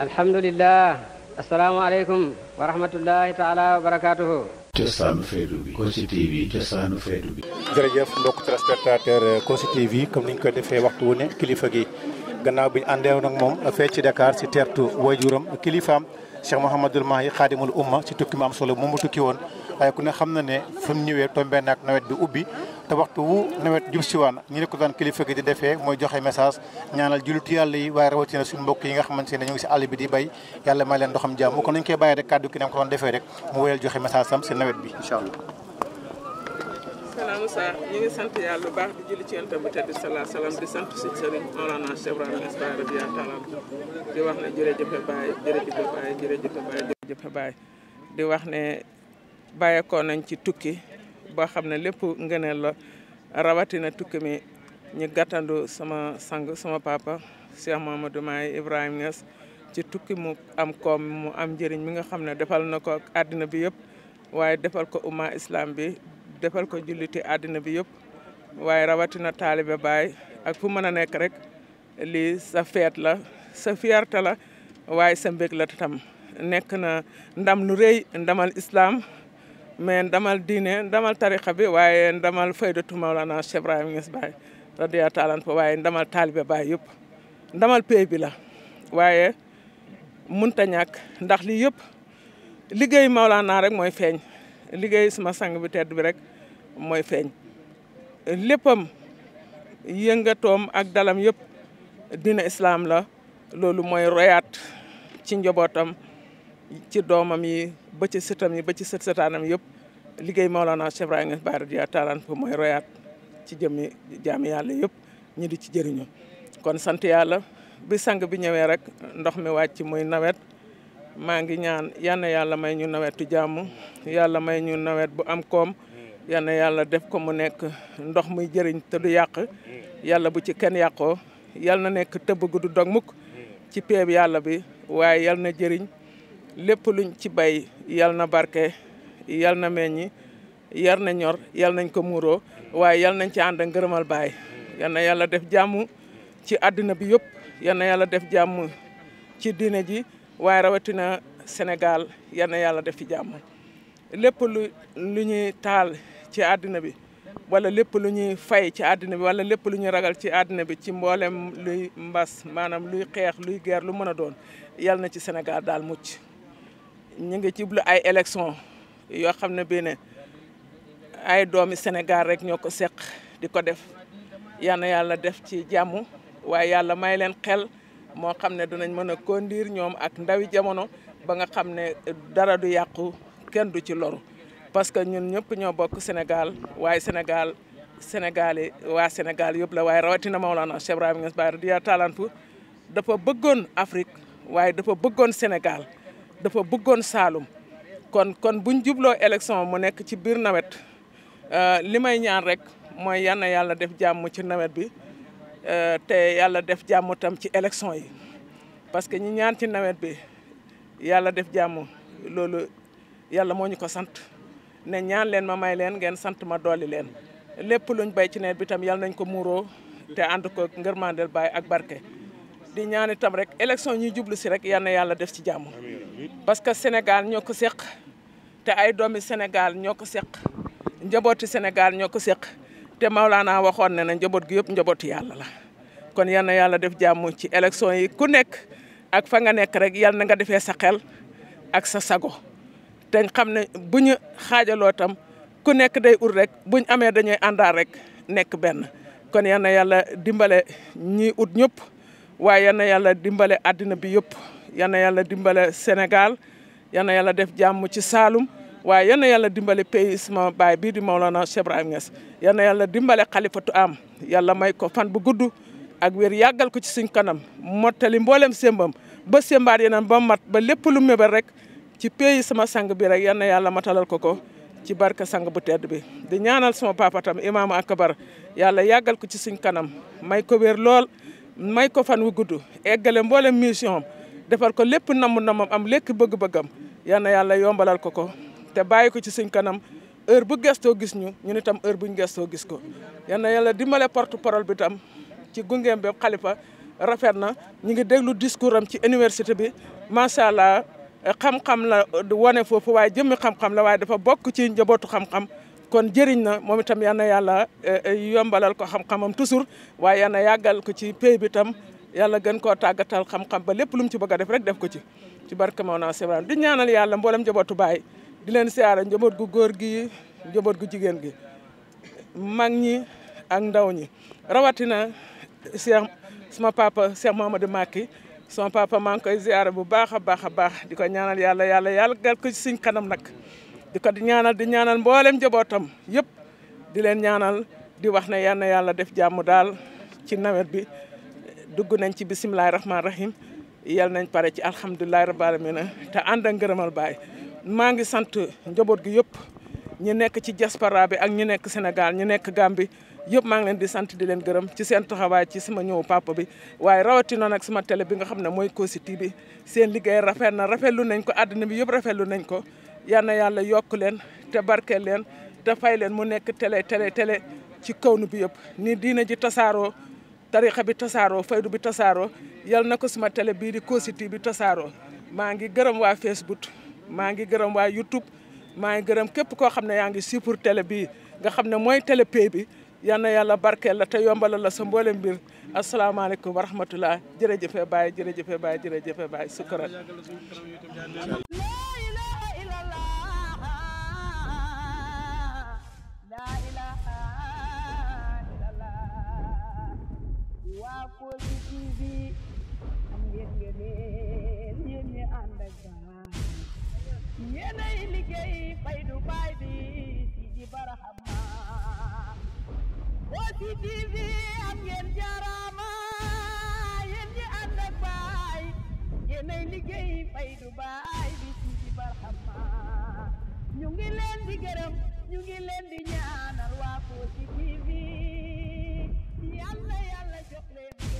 الحمد لله السلام عليكم ورحمة الله تعالى وبركاته cosaanu Fayda bi Kossy TV cosaanu Fayda bi jërëjëf mbokk téléspectateur Kossy TV comme ni ñu ko defee waxtu wu ne kilifa gi gannaaw bi ñu àndee nag moom fee ci Dakar si tertu waajuram kilifaam Cheikh Mouhamadul Mahi xaadimul umma si tukki mu am solo moom mu tukki woon waaye ku ne xam na ne fu mu ñëwee tombee naag nawet bi ubbi te waxtu wu nawet jub siwaan ñi ne ko daan kilifa gi di defee mooy joxe message ñaanal jullitu yàlla yi waaye rawatina si mbokk yi nga xamante ne ñu ngi àll bi di bay yàlla may leen ndoxam jàmm kon nañ koy bàyyi rek kàddu ki nam ko doon defee rek mu nawet bi incha allah salaam Moussa ñu ngi sant yàlla bi di wax ne baay di wax ne bàyyeekoo nañ ci tukki ba xam ne lépp ngëneel la rawatina tukki mi ñu gàttandu sama sang sama papa Cheikh Mamadou Maye Ibrahima Niass ci tukki mu am kom mu am njëriñ mi nga xam ne defal na ko àddina bi yëpp waaye defal ko umma islam bi defal ko julliti àddina bi yëpp waaye rawatina taalibe baay ak fu mën a nekk rek li sa feet la sa fierté la waaye sa mbég la tam nekk na ndam lu rëy ndamal islam mais ndamal diine ndamal tarixa bi waaye ndamal faydatu Mawlana Cheikh Ibrahima Niass Baye radiya taala anhu waaye ndamal taalibe Baye yëpp ndamal pay bi la waaye munta ñàkk ndax lii yëpp liggéey Mawlana rek mooy feeñ liggéey suma sang bi tedd bi rek mooy feeñ léppam yëngatoom ak dalam yëpp diine islaam la loolu mooy royaat ci njabootam ci doomam yi ba ci sëtam yi ba ci sët sëtaanam yëpp liggéey Mawlana Cheikh Ibrahima Niass Baye Radiyallahu Taala anhu mooy royaat ci jëmmi jaami yàlla yëpp ñu di ci jëriñu kon sant yàlla bi sang bi ñëwee rek ndox mi wàcc muy nawet maa ngi ñaan yal yàlla may ñu nawetu jàmm yàlla may ñu nawet bu am koom yal yàlla def ko mu nekk ndox muy jëriñ te du yàq yàlla bu ci kenn yàqoo yal na nekk tëbb gu du dog mukk ci peeb yàlla bi waaye yal na jëriñ lépp luñ ci bay yal na barke yal na meññi yar na ñor yal nañ ko muuroo waaye yal nañ ci ànd ak ngërëmal baay yal na yàlla def jàmm ci àddina bi yëpp yal na yàlla def jàmm ci diine ji waaye rawatina Sénégal yal na yàlla def ci jàmm lépp lu lu ñuy taal ci àddina bi wala lépp lu ñuy fay ci àddina bi wala lépp lu ñuy ragal ci àddina bi ci mboolem luy mbas maanaam luy xeex luy guerre lu mën a doon yal na ci Sénégal daal mucc ñu ngi jublu ay élection yoo xam ne bii ne ay doomi Sénégal rek ñoo ko seq di ko def yan na yàlla def ci jàmm waaye yàlla may leen xel moo xam ne dinañ mën a conduire ñoom ak ndawi jamono ba nga xam ne dara du yàqu kenn du ci loru parce que ñun ñëpp ñoo bokk Sénégal waaye Sénégal Sénégal yi waa Sénégal yëpp la waaye rawatina Maolana Cheikh Ibrahima Niass Baye radiyallahu taala anhu dafa bëggoon Afrique waaye dafa bëggoon Sénégal dafa bëggoon Saalum kon kon buñ jubloo élection mu nekk ci biir nawet euh, li may ñaan rek mooy yal na yàlla def jàmm ci nawet bi euh, te yàlla def jàmm tam ci élection yi parce que ñi ñaan ci nawet bi yàlla def jàmm loolu yàlla moo ñu ko sant ne ñaan leen ma may leen ngeen sant ma dolli leen lépp luñ bay ci nawet bi tam yàlla nañ ko muuroo te ànd ko ngërmandeel baay ak barke di ñaan tam rek élection ñuy jublu si rek yal na yàlla def ci jàmm parce que Sénégal ñoo ko seq te ay doomi Sénégal ñoo ko seq njabooti Sénégal ñoo ko seq te Maolana waxoon na ne njaboot gi yëpp njabootu yàlla la. kon yal na yàlla def jàmm ci élection yi ku nekk ak fa nga nekk rek yal nanga nga defee sa xel ak sa sago te xam ne bu ñu xaajaloo tam ku nekk day ut rek bu ñu amee dañuy àndaar rek nekk benn. kon yal na yàlla dimbale ñi ut ñëpp waaye yal na yàlla dimbale àddina bi yëpp. yana na yàlla dimbale Sénégal yana na yàlla def jàmm ci Saalum waaye yal yàlla dimbale pays ma baay bii di Maolana Cheikh Ibrahim Niass yal yàlla dimbale xalifatu am yàlla may ko fan bu gudd ak wér yàggal ko ci suñ kanam mottali mboolem sémbam ba sémbaat yeneen ba mat ba lépp lu mébal rek ci pays sama sang bi rek yal na yàlla matalal ko ko ci barka sang bu tedd bi di ñaanal sama papa tam imaamu akbar yàlla yàggal ko ci suñ kanam may ko wér lool may ko fan wu gudd eggale mboolem mission defal ko lépp namm namam am lékk bëgg-bëggam yal na yàlla yombalal ko ko te bàyyi ko ci suñ kanam heure bu gestoo gis ñu ñun itam heure bu ñu gestoo gis ko yal na yàlla dimbale porte parole bitam ci gungeem bi xalifa rafet na ñu ngi déglu discours am ci université bi macha allah xam-xam la wane foofu waaye jëmmi xam-xam la waaye dafa bokk ci njabootu xam-xam kon jëriñ na moom itam yal na yàlla eh, eh, yombalal ko xam-xamam toujours waaye yal na ko ci pays bi tam yalla gën ko tagatal xam-xam ba lepp lu mu ci bëgg def rek def ko ci ci barke na sebran di ñaanal yalla mbolam njabootu bay di len siara njobot gu gor gi njobot gu jigen gi mag ñi ak ndaw ñi rawatina Cheikh sama papa Cheikh Mamadou makki sama papa maa ngi koy ziaré bu baax a baax diko di ñaanal yalla yalla yalla gal ko ci suñ kanam diko di ñaanal di ñaanal mbolam jobotam yep di len ñaanal di wax na yalla yalla def jàmm dal ci nawet bi dugg nañ ci bisimilah rahmaani rahim yal nañ pare ci alhamdulilah rabbil alamin te ànd ak ngërëmal baay maa ngi sant njaboot gi yëpp ñu nekk ci diaspora bi ak ñu nekk senegal ñu nekk Gambie yëpp maa ngi leen di sant di leen gërëm ci seen taxawaay ci sama ñëw papa bi waaye rawatina nag sama tele bi nga xam ne mooy Kossy TV seen liggéey rafet na rafetlu nañ ko àddina bi yëpp rafetlu nañ ko yal na yàlla yokk leen te barkeel leen te fay leen mu nekk télé télé télé ci kaw nu bi yëpp ni diina ji tasaaroo طريقة بتصارو فايدو بتصارو يال نكو سما تالي بي دي كوسيتي بتصارو ماangi گرم وا فيسبوك ماangi گرم وا يوتيوب ماangi گرم كيب كو خامنا ياغي سوبر تالي بي گا خامنا موي تالي بي بي يانا يالا باركيل لا تا يومبال لا سمبولم بير السلام عليكم ورحمه الله جيرجي في باي جيرجي في باي جيرجي في باي شكرا liggéey Faydu baay bi Sidi Barhama OTV am ngeen jaaraama yéen baay yéenay liggéey Faydu baay bi Sidi Barhama ñu ngi leen di gërëm ñu ngi leen di ñaanal waa OTV yàlla yàlla